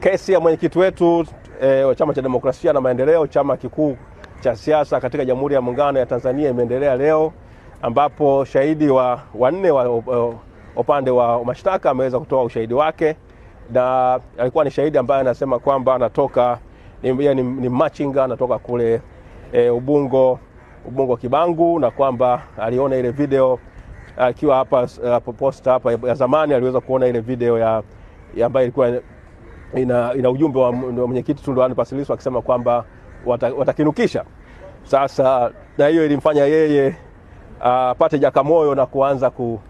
Kesi ya mwenyekiti wetu e, wa Chama cha Demokrasia na Maendeleo, chama kikuu cha siasa katika Jamhuri ya Muungano ya Tanzania imeendelea leo, ambapo shahidi wa wanne wa upande wa mashtaka ameweza kutoa ushahidi wake, na alikuwa ni shahidi ambaye anasema kwamba anatoka ni, ni, ni machinga anatoka kule e, Ubungo Ubungo Kibangu, na kwamba aliona ile video akiwa hapa, hapa posta hapa ya zamani aliweza kuona ile video ya ambayo ilikuwa ina, ina ujumbe wa mwenyekiti Tundu Antipas Lissu akisema kwamba watakinukisha wata sasa, na hiyo ilimfanya yeye ah, apate Jakamoyo na kuanza ku,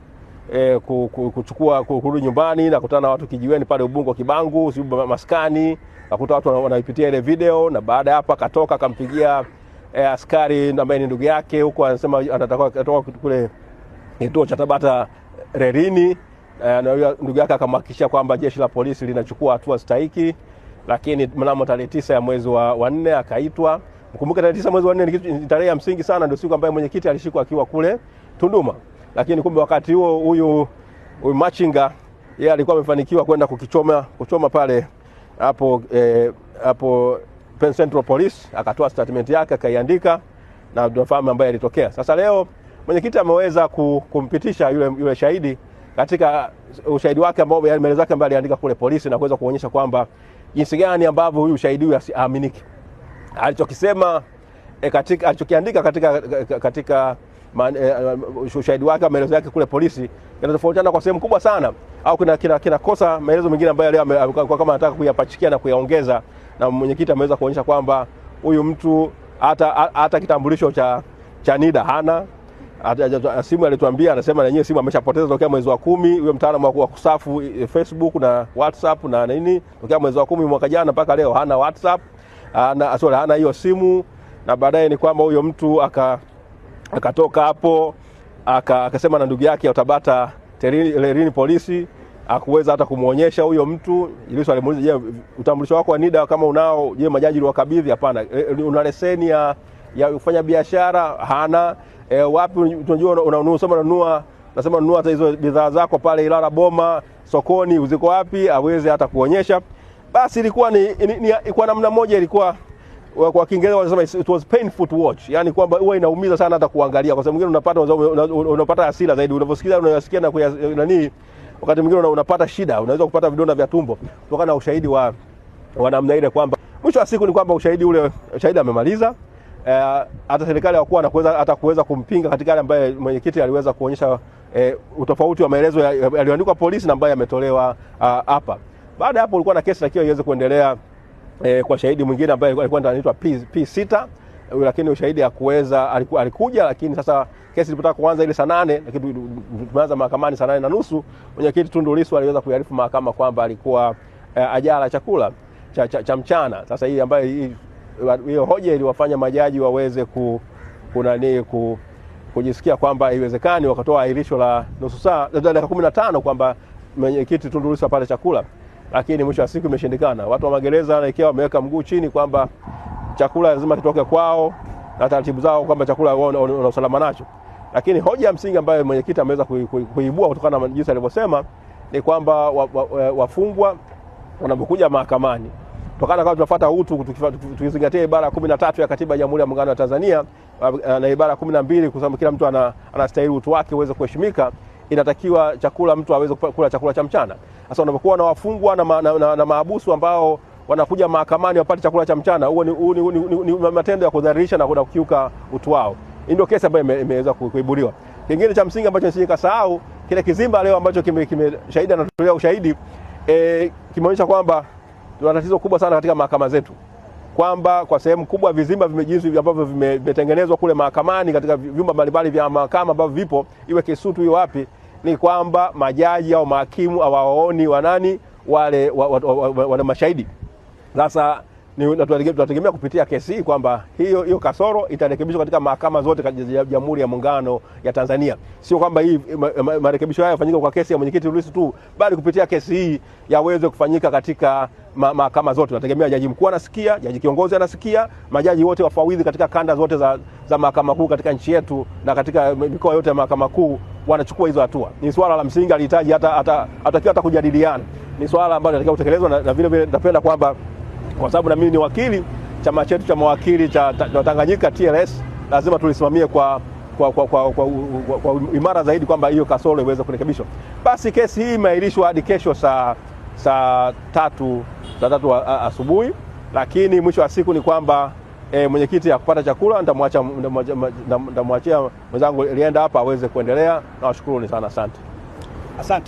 e, ku, ku, kuchukua kurudi nyumbani na kutana na watu kijiweni pale Ubungo Kibangu, si maskani, akuta watu wanaipitia ile video, na baada ya hapo akatoka akampigia e, askari ambaye ni ndugu yake huko, anasema anataka kule kituo cha Tabata eh, rerini Eh, na huyo ndugu yake akamhakikishia kwamba jeshi la polisi linachukua hatua stahiki. Lakini mnamo tarehe tisa ya mwezi wa nne akaitwa. Mkumbuke tarehe tisa mwezi wa nne ni tarehe ya msingi sana, ndio siku ambayo mwenyekiti alishikwa akiwa kule Tunduma. Lakini kumbe wakati huo huyu huyu Machinga yeye alikuwa amefanikiwa kwenda kukichoma kuchoma pale hapo eh, hapo eh, Penn Central Police akatoa statement yake akaiandika, na tunafahamu ambayo alitokea. Sasa leo mwenyekiti ameweza kumpitisha yule, yule shahidi katika ushahidi wake ambao maelezo yake ambayo aliandika kule polisi na kuweza kuonyesha kwamba jinsi gani ambavyo huyu ushahidi huyu asiaminiki alichokisema e, katika alichokiandika katika katika man, e, e ushahidi wake maelezo yake kule polisi yanatofautiana kwa sehemu kubwa sana, au kina kina, kina maelezo mengine ambayo leo kama anataka kuyapachikia na kuyaongeza, na mwenyekiti ameweza kuonyesha kwamba huyu mtu hata hata kitambulisho cha cha NIDA hana simu alituambia, anasema nanyewe simu ameshapoteza tokea mwezi wa kumi, huyo mtaalamu wa kusafu eh, Facebook na WhatsApp na nini, tokea mwezi wa kumi mwaka jana mpaka leo hana WhatsApp, ana ah, sorry, hana hiyo simu. Na baadaye ni kwamba huyo mtu aka akatoka hapo akasema na ndugu yake ya terini, Lerini polisi akuweza hata kumuonyesha huyo mtu. Lissu alimuuliza, je, utambulisho wako wa NIDA kama unao, je majaji uliwakabidhi? Hapana. Eh, una leseni ya ya kufanya biashara hana e, wapi tunajua unanunua unanunua nasema nunua hata hizo bidhaa zako pale Ilala Boma sokoni uziko wapi, aweze hata kuonyesha. Basi ilikuwa ni, ni, ni kwa namna moja ilikuwa kwa Kiingereza wanasema it was painful to watch, yani kwamba huwa inaumiza sana hata kuangalia, kwa sababu mwingine unapata unapata hasira zaidi unavyosikia unayasikia na nani, wakati mwingine unapata shida, unaweza kupata vidonda vya tumbo kutokana na ushahidi wa wa namna ile, kwamba mwisho wa siku ni kwamba ushahidi ule, ushahidi amemaliza Eh, hata serikali hakuwa na kuweza hata kuweza kumpinga katika yale ambayo mwenyekiti aliweza kuonyesha e, utofauti wa maelezo yaliyoandikwa polisi na ambayo yametolewa ah, hapa. Baada ya hapo, ulikuwa na kesi lakini iweze kuendelea e, kwa shahidi mwingine ambaye alikuwa anaitwa P6 lakini ushahidi hakuweza, alikuja, lakini sasa kesi ilipotaka kuanza ile saa nane, lakini tumeanza mahakamani saa nane na nusu. Mwenyekiti Tundu Lissu aliweza kuiarifu mahakama kwamba alikuwa e, ajala chakula cha, cha, cha mchana. Sasa hii ambayo hii hiyo hoja iliwafanya majaji waweze ku, kunani ku, kujisikia kwamba iwezekani wakatoa ahirisho la nusu saa dakika kumi na tano kwamba mwenyekiti Tundu Lissu apate chakula, lakini mwisho wa siku imeshindikana. Watu wa magereza na ikiwa wameweka mguu chini kwamba chakula lazima kitoke kwao na taratibu zao kwamba chakula wao una usalama nacho, lakini hoja ya msingi ambayo mwenyekiti ameweza kuibua kutokana na jinsi alivyosema ni kwamba wafungwa wa, wa, wa wanapokuja mahakamani tukana kama tunafuata utu tukizingatia ibara ya kumi na tatu ya katiba ya Jamhuri ya Muungano wa Tanzania uh, na ibara ya kumi na mbili kwa sababu kila mtu ana, anastahili utu wake uweze kuheshimika. Inatakiwa chakula mtu aweze kula chakula cha mchana. Sasa unapokuwa na wafungwa na, ma, na, na, na maabusu ambao wanakuja mahakamani wapate chakula cha mchana, huo ni ni, ni, ni, ni, ni matendo ya kudhalilisha na kukiuka utu wao. Hii ndio kesi ambayo imeweza kuibuliwa. Kingine cha msingi ambacho nisije kasahau, kile kizimba leo ambacho kime, kime shahidi anatolea ushahidi e, kimeonyesha kwamba tuna tatizo kubwa sana katika mahakama zetu kwamba kwa, kwa sehemu kubwa vizimba vimejinsi ambavyo vimetengenezwa kule mahakamani katika vyumba mbalimbali vya mahakama ambavyo vipo iwe Kisutu iwe wapi, ni kwamba majaji au mahakimu hawaoni wanani wale wa, wa, wa, wa, wa, wa, mashahidi. Sasa tunategemea kupitia kesi hii kwamba hiyo hiyo kasoro itarekebishwa katika mahakama zote za Jamhuri ya Muungano ya Tanzania. Sio kwamba hii marekebisho haya yafanyike kwa kesi ya mwenyekiti Lissu tu, bali kupitia kesi hii yaweze kufanyika katika mahakama zote. Tunategemea jaji mkuu anasikia, jaji kiongozi anasikia, majaji wote wafawidhi katika kanda zote za, za mahakama kuu katika nchi yetu na katika mikoa yote ya mahakama kuu wanachukua hizo hatua. Ni swala la msingi, alihitaji hata hata hata kujadiliana. Ni swala ambalo linatakiwa kutekelezwa na, na vile vile napenda kwamba kwa sababu na mimi ni wakili. Chama chetu cha mawakili cha Tanganyika TLS lazima tulisimamie kwa, kwa, kwa, kwa, kwa, kwa, kwa imara zaidi kwamba hiyo kasoro iweze kurekebishwa. Basi kesi hii imeahirishwa hadi kesho saa saa tatu, saa tatu asubuhi, lakini mwisho wa siku ni kwamba e, mwenyekiti akupata chakula. Nitamwachia mwenzangu lienda hapa aweze kuendelea. Nawashukuruni sana, asante, asante.